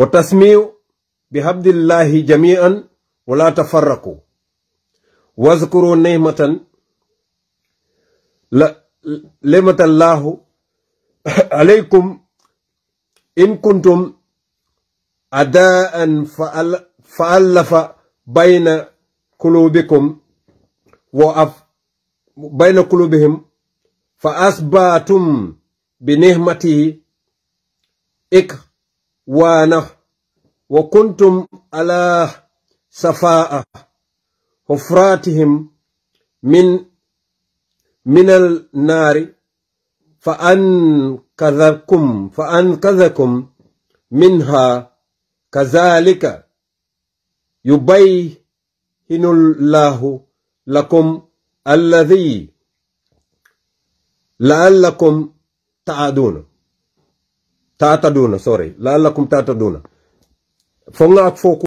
وتسميع بحمد الله جميعا ولا تفرقوا واذكروا نعمة لمة الله عليكم إن كنتم أداء فألف بين قلوبكم وأف بين قلوبهم فأثبتم بنعمته إكرام وانا وكنتم على صفاء حفراتهم من من النار فأنقذكم فأنقذكم منها كذلك يبين الله لكم الذي لعلكم تعدون taataduna sorry la'allakum taataduna fonga ak foku